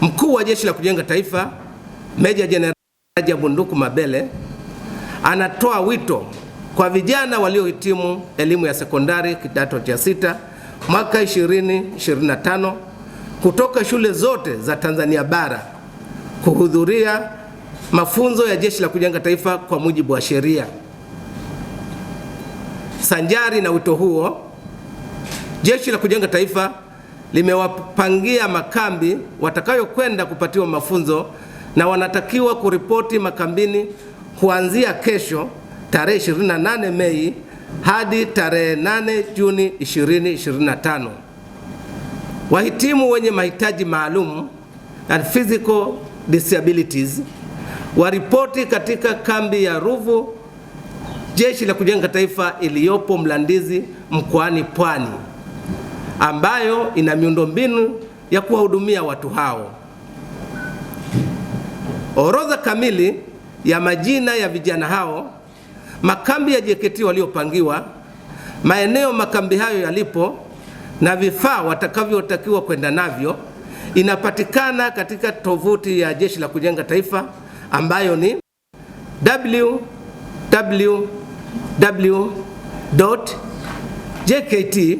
Mkuu wa Jeshi la Kujenga Taifa Meja Jenerali Rajabu Nduku Mabele anatoa wito kwa vijana waliohitimu elimu ya sekondari kidato cha sita mwaka 2025 kutoka shule zote za Tanzania bara kuhudhuria mafunzo ya Jeshi la Kujenga Taifa kwa mujibu wa sheria. Sanjari na wito huo, Jeshi la Kujenga Taifa limewapangia makambi watakayokwenda kupatiwa mafunzo na wanatakiwa kuripoti makambini kuanzia kesho tarehe 28 Mei hadi tarehe 8 Juni 2025. Wahitimu wenye mahitaji maalum and physical disabilities waripoti katika kambi ya Ruvu Jeshi la Kujenga Taifa iliyopo Mlandizi mkoani Pwani ambayo ina miundombinu ya kuwahudumia watu hao. Orodha kamili ya majina ya vijana hao, makambi ya JKT waliopangiwa, maeneo makambi hayo yalipo na vifaa watakavyotakiwa kwenda navyo inapatikana katika tovuti ya Jeshi la Kujenga Taifa ambayo ni www.jkt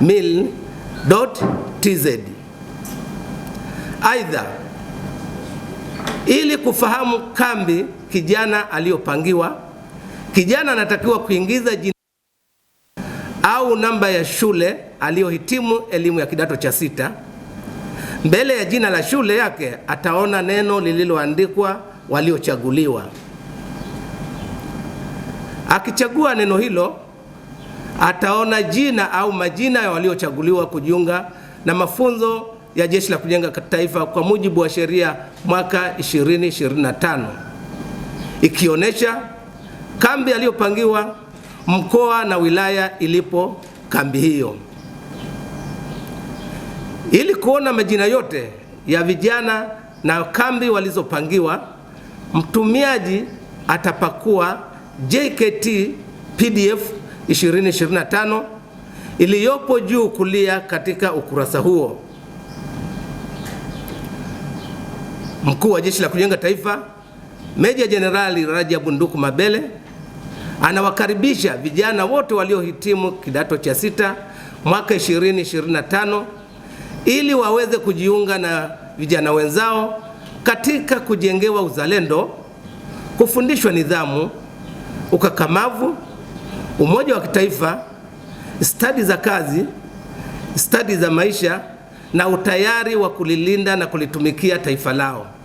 mil.tz. Aidha, ili kufahamu kambi kijana aliyopangiwa, kijana anatakiwa kuingiza jina au namba ya shule aliyohitimu elimu ya kidato cha sita. Mbele ya jina la shule yake ataona neno lililoandikwa waliochaguliwa. Akichagua neno hilo ataona jina au majina ya waliochaguliwa kujiunga na mafunzo ya Jeshi la Kujenga Taifa kwa mujibu wa sheria mwaka 2025 ikionyesha kambi aliyopangiwa, mkoa na wilaya ilipo kambi hiyo. Ili kuona majina yote ya vijana na kambi walizopangiwa, mtumiaji atapakua JKT PDF 2025 iliyopo juu kulia katika ukurasa huo. Mkuu wa Jeshi la Kujenga Taifa Meja Jenerali Rajabu Nduku Mabele anawakaribisha vijana wote waliohitimu kidato cha sita mwaka 2025 ili waweze kujiunga na vijana wenzao katika kujengewa uzalendo, kufundishwa nidhamu, ukakamavu umoja wa kitaifa, stadi za kazi, stadi za maisha na utayari wa kulilinda na kulitumikia taifa lao.